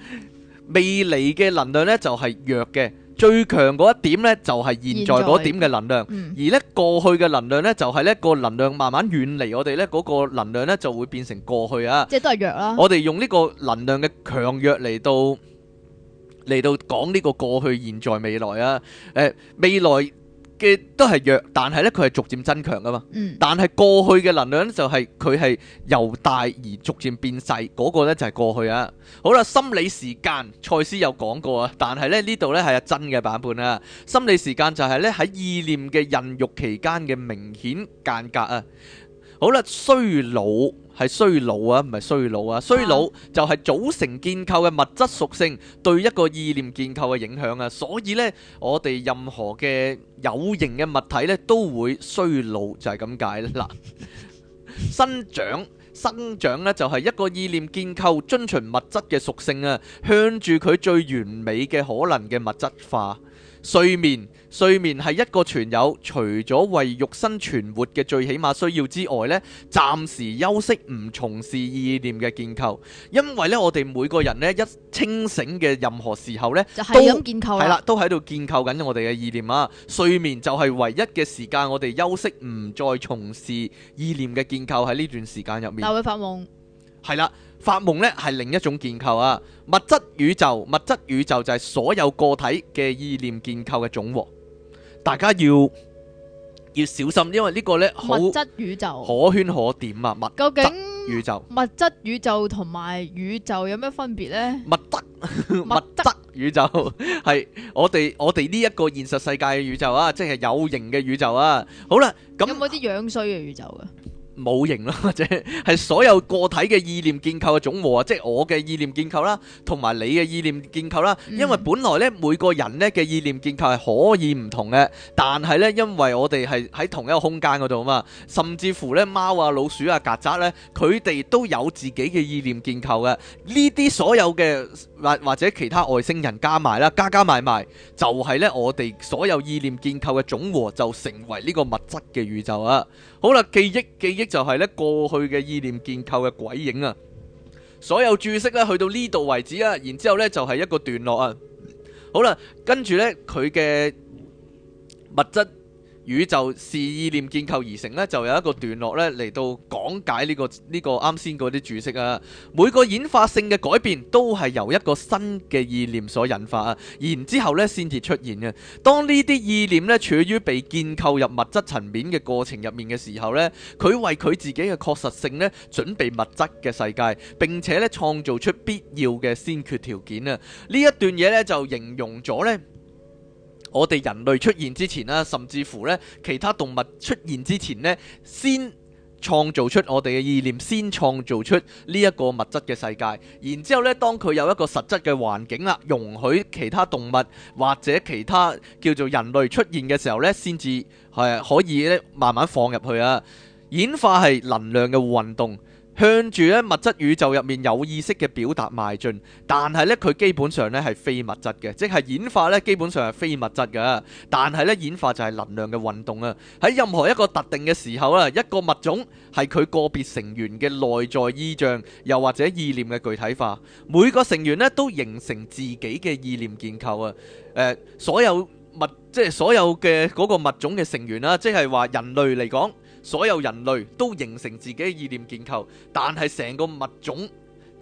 未來嘅能量呢就係弱嘅，最強嗰一點呢就係現在嗰點嘅能量，而呢過去嘅能量呢就係呢個能量慢慢遠離我哋呢嗰個能量呢就會變成過去啊。即係都係弱啦。我哋用呢個能量嘅強弱嚟到。嚟到講呢個過去、現在、未來啊！誒，未來嘅都係弱，但係咧佢係逐漸增強㗎嘛。嗯。但係過去嘅能量就係佢係由大而逐漸變細，嗰個咧就係過去啊。好啦，心理時間，賽斯有講過啊，但係咧呢度咧係啊真嘅版本啊。心理時間就係咧喺意念嘅孕育期間嘅明顯間隔啊。好啦，衰老。係衰老啊，唔係衰老啊。衰老就係組成建構嘅物質屬性對一個意念建構嘅影響啊。所以呢，我哋任何嘅有形嘅物體呢，都會衰老就，就係咁解啦。生長生長呢，就係一個意念建構遵循物質嘅屬性啊，向住佢最完美嘅可能嘅物質化。睡眠。睡眠係一個存有，除咗為肉身存活嘅最起碼需要之外咧，暫時休息，唔從事意念嘅建構。因為咧，我哋每個人咧一清醒嘅任何時候咧，都係啦，都喺度建構緊我哋嘅意念啊。睡眠就係唯一嘅時間，我哋休息，唔再從事意念嘅建構喺呢段時間入面，就會發夢係啦，發夢咧係另一種建構啊。物質宇宙，物質宇宙就係所有個體嘅意念建構嘅總和。大家要要小心，因為呢個呢，好物質宇宙可圈可點啊！物質宇宙、物質宇宙同埋宇宙有咩分別呢？物質物質宇宙係我哋我哋呢一個現實世界嘅宇宙啊，即係有形嘅宇宙啊！好啦，咁有冇啲樣衰嘅宇宙噶、啊？冇形咯，或者係所有個體嘅意念結構嘅總和啊，即係我嘅意念結構啦，同埋你嘅意念結構啦。因為本來呢，每個人呢嘅意念結構係可以唔同嘅，但係呢，因為我哋係喺同一個空間嗰度啊嘛，甚至乎呢，貓啊、老鼠啊、曱甴呢，佢哋都有自己嘅意念結構嘅。呢啲所有嘅或或者其他外星人加埋啦，加加埋埋就係呢，我哋所有意念結構嘅總和，就成為呢個物質嘅宇宙啊！好啦，記憶，記憶就係呢過去嘅意念建構嘅鬼影啊！所有注釋呢，去到呢度為止啊，然之後呢，就係一個段落啊！好啦，跟住呢，佢嘅物質。宇宙是意念建構而成呢，就有一個段落咧，嚟到，講解呢個呢個啱先嗰啲注釋啊。每個演化性嘅改變都係由一個新嘅意念所引發啊，然之後咧，先至出現嘅。當呢啲意念呢處於被建構入物質層面嘅過程入面嘅時候呢，佢為佢自己嘅確實性呢準備物質嘅世界，並且呢創造出必要嘅先決條件啊。呢一段嘢呢，就形容咗呢。我哋人類出現之前啦，甚至乎咧其他動物出現之前咧，先創造出我哋嘅意念，先創造出呢一個物質嘅世界。然之後咧，當佢有一個實質嘅環境啦，容許其他動物或者其他叫做人類出現嘅時候咧，先至係可以咧慢慢放入去啊。演化係能量嘅運動。向住咧物質宇宙入面有意識嘅表達邁進，但係呢佢基本上呢係非物質嘅，即係演化呢基本上係非物質嘅。但係呢演化就係能量嘅運動啊！喺任何一個特定嘅時候啊，一個物種係佢個別成員嘅內在意象，又或者意念嘅具體化。每個成員呢都形成自己嘅意念結構啊！誒，所有物即係所有嘅嗰個物種嘅成員啦，即係話人類嚟講。所有人類都形成自己嘅意念建構，但係成個物種。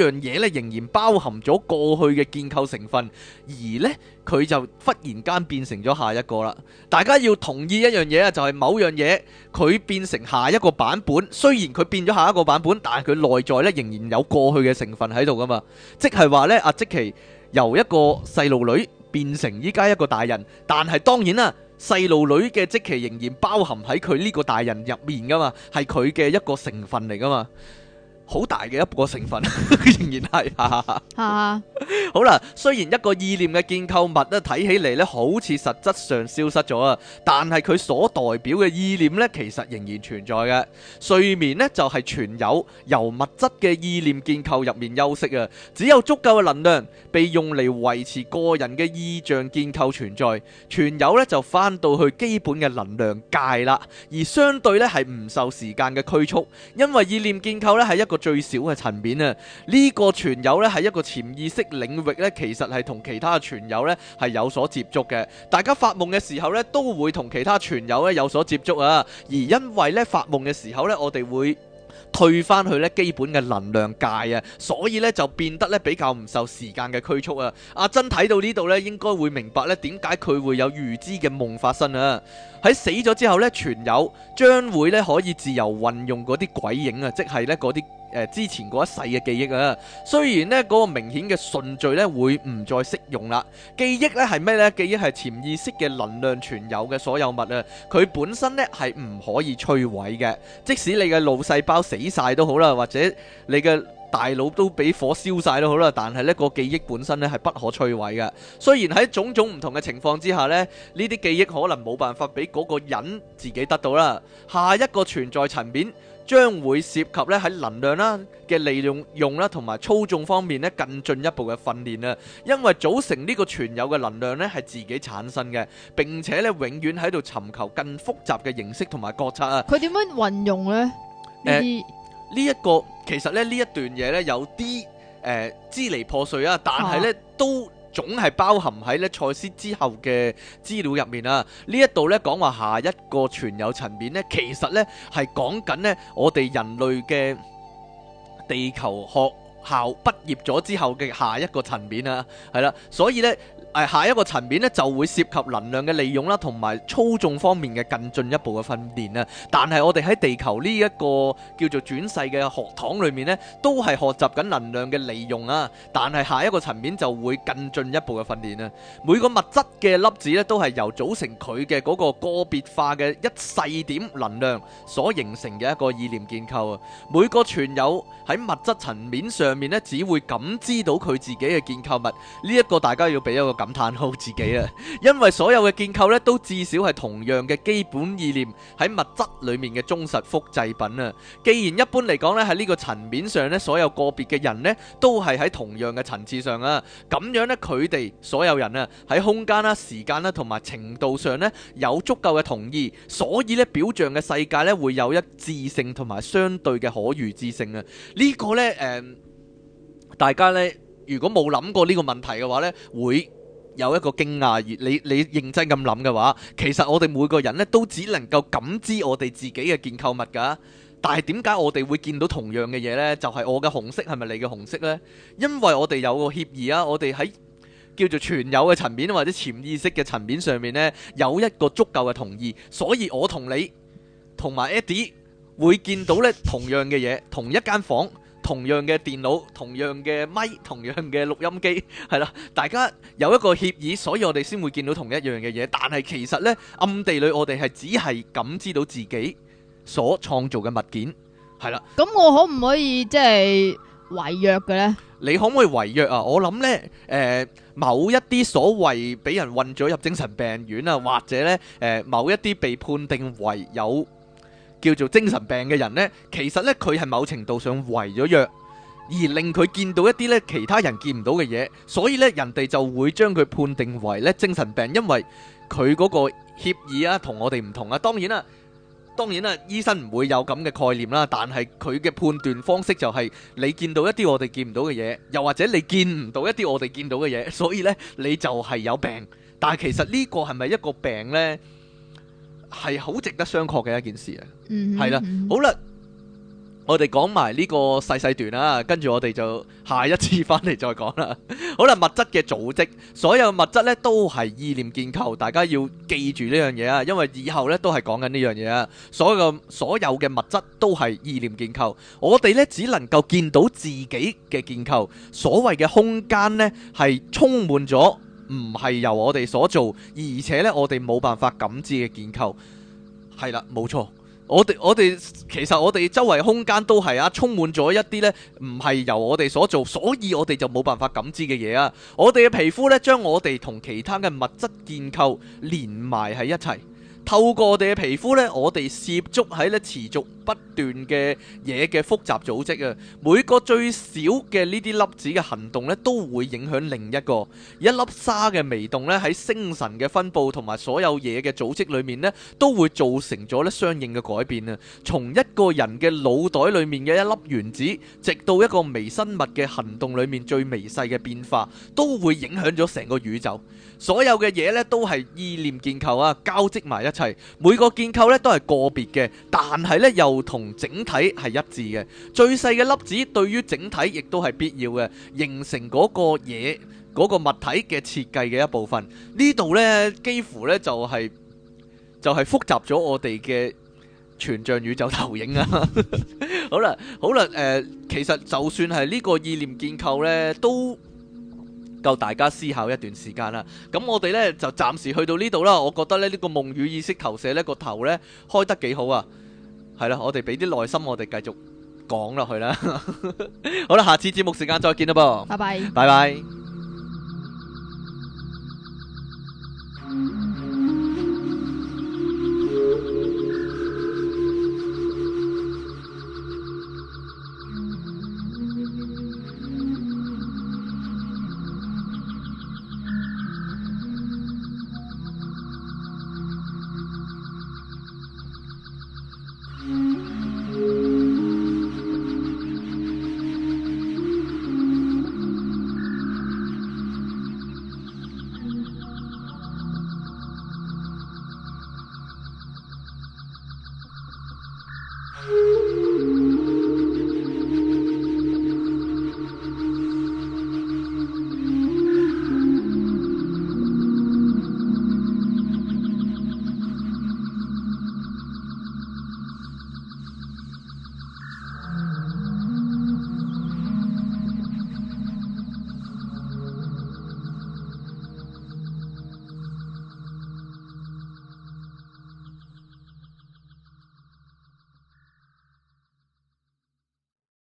樣嘢咧，仍然包含咗過去嘅建構成分，而咧佢就忽然間變成咗下一個啦。大家要同意一樣嘢啊，就係某樣嘢佢變成下一個版本。雖然佢變咗下一個版本，但係佢內在咧仍然有過去嘅成分喺度噶嘛。即係話咧，阿積奇由一個細路女變成依家一個大人，但係當然啦，細路女嘅積奇仍然包含喺佢呢個大人入面噶嘛，係佢嘅一個成分嚟噶嘛。好大嘅一個成分，仍然係啊！好啦，雖然一個意念嘅建構物咧，睇起嚟咧好似實質上消失咗啊，但係佢所代表嘅意念咧，其實仍然存在嘅。睡眠咧就係存有由物質嘅意念建構入面休息啊，只有足夠嘅能量被用嚟維持個人嘅意象建構存在，存有咧就返到去基本嘅能量界啦，而相對咧係唔受時間嘅拘束，因為意念建構咧係一個。最少嘅層面啊，呢個存友呢係一個潛意識領域呢，其實係同其他嘅存友呢係有所接觸嘅。大家發夢嘅時候呢，都會同其他存友呢有所接觸啊。而因為呢發夢嘅時候呢，我哋會退翻去呢基本嘅能量界啊，所以呢就變得呢比較唔受時間嘅拘束啊。阿珍睇到呢度呢，應該會明白呢點解佢會有預知嘅夢發生啊。喺死咗之後呢，存友將會呢可以自由運用嗰啲鬼影啊，即係呢嗰啲。誒，之前嗰一世嘅記憶啊，雖然呢嗰個明顯嘅順序呢會唔再適用啦，記憶呢係咩呢？記憶係潛意識嘅能量存有嘅所有物啊，佢本身呢係唔可以摧毀嘅，即使你嘅腦細胞死晒都好啦，或者你嘅大腦都俾火燒晒都好啦，但係呢個記憶本身呢係不可摧毀嘅。雖然喺種種唔同嘅情況之下呢，呢啲記憶可能冇辦法俾嗰個人自己得到啦，下一個存在層面，將會涉及咧喺能量啦嘅利用用啦，同埋操縱方面咧更進一步嘅訓練啊！因為組成呢個存有嘅能量咧係自己產生嘅，並且咧永遠喺度尋求更複雜嘅形式同埋覺察啊！佢點樣運用呢？呢一、呃你這個其實咧呢一段嘢咧有啲誒、呃、支離破碎呢啊，但係咧都。總係包含喺咧賽斯之後嘅資料入面啊！呢一度咧講話下一個存有層面咧，其實咧係講緊呢，我哋人類嘅地球學校畢業咗之後嘅下一個層面啊，係啦，所以咧。誒，下一個層面咧就會涉及能量嘅利用啦，同埋操縱方面嘅更進一步嘅訓練啦。但係我哋喺地球呢一個叫做轉世嘅學堂裏面咧，都係學習緊能量嘅利用啊。但係下一個層面就會更進一步嘅訓練啦。每個物質嘅粒子咧，都係由組成佢嘅嗰個個別化嘅一細點能量所形成嘅一個意念建構啊。每個存有喺物質層面上面咧，只會感知到佢自己嘅建構物。呢一個大家要俾一個。感嘆好自己啊！因為所有嘅建構咧，都至少係同樣嘅基本意念喺物質裏面嘅忠實複製品啊！既然一般嚟講咧，喺呢個層面上咧，所有個別嘅人咧，都係喺同樣嘅層次上啊，咁樣咧，佢哋所有人啊，喺空間啦、時間啦同埋程度上咧，有足夠嘅同意，所以咧，表象嘅世界咧，會有一致性同埋相對嘅可預知性啊！呢、這個咧，誒、呃，大家咧，如果冇諗過呢個問題嘅話咧，會。有一個驚訝，而你你認真咁諗嘅話，其實我哋每個人咧，都只能夠感知我哋自己嘅建構物㗎。但係點解我哋會見到同樣嘅嘢咧？就係我嘅紅色係咪你嘅紅色咧？因為我哋有個協議啊，我哋喺叫做全有嘅層面或者潛意識嘅層面上面咧，有一個足夠嘅同意，所以我同你同埋 Eddie 會見到咧同樣嘅嘢，同一間房。同樣嘅電腦，同樣嘅咪，同樣嘅錄音機，係啦，大家有一個協議，所以我哋先會見到同一樣嘅嘢。但係其實咧，暗地裏我哋係只係感知到自己所創造嘅物件，係啦。咁我可唔可以即係違約嘅咧？你可唔可以違約啊？我諗咧，誒某一啲所謂俾人混咗入精神病院啊，或者咧，誒某一啲被判定為有叫做精神病嘅人呢，其實呢佢係某程度上違咗約，而令佢見到一啲呢其他人見唔到嘅嘢，所以呢人哋就會將佢判定為呢精神病，因為佢嗰個協議啊同我哋唔同啊。當然啦，當然啦，醫生唔會有咁嘅概念啦，但係佢嘅判斷方式就係你見到一啲我哋見唔到嘅嘢，又或者你見唔到一啲我哋見到嘅嘢，所以呢你就係有病。但係其實呢個係咪一個病呢？係好值得商榷嘅一件事啊，係啦，好啦，我哋講埋呢個細細段啦，跟住我哋就下一次翻嚟再講啦。好啦，物質嘅組織，所有物質呢都係意念建構，大家要記住呢樣嘢啊，因為以後呢都係講緊呢樣嘢啊。所有嘅所有嘅物質都係意念建構，我哋呢只能夠見到自己嘅建構，所謂嘅空間呢係充滿咗。唔係由我哋所做，而且呢，我哋冇辦法感知嘅結構，係啦，冇錯。我哋我哋其實我哋周圍空間都係啊，充滿咗一啲呢，唔係由我哋所做，所以我哋就冇辦法感知嘅嘢啊。我哋嘅皮膚呢，將我哋同其他嘅物質結構連埋喺一齊，透過我哋嘅皮膚呢，我哋涉觸喺呢持續不斷嘅嘢嘅複雜組織啊，每個最少嘅呢啲粒子嘅行動呢，都會影響另一個。一粒沙嘅微動呢，喺星辰嘅分布同埋所有嘢嘅組織裏面呢，都會造成咗呢相應嘅改變啊。從一個人嘅腦袋裏面嘅一粒原子，直到一個微生物嘅行動裏面最微細嘅變化，都會影響咗成個宇宙。所有嘅嘢呢，都係意念建構啊，交織埋一齊。每個建構呢都係個別嘅，但係呢又，同整體係一致嘅，最細嘅粒子對於整體亦都係必要嘅，形成嗰個嘢嗰個物體嘅設計嘅一部分。呢度呢，幾乎呢、就是，就係就係複雜咗我哋嘅全像宇宙投影啊！ 好啦，好啦，誒、呃，其實就算係呢個意念建構呢，都夠大家思考一段時間啦。咁我哋呢，就暫時去到呢度啦。我覺得咧呢、呢個夢與意識投射呢個頭呢，開得幾好啊！係啦，我哋俾啲耐心，我哋繼續講落去啦。 好啦，下次節目時間再見喇噃，拜拜，拜拜。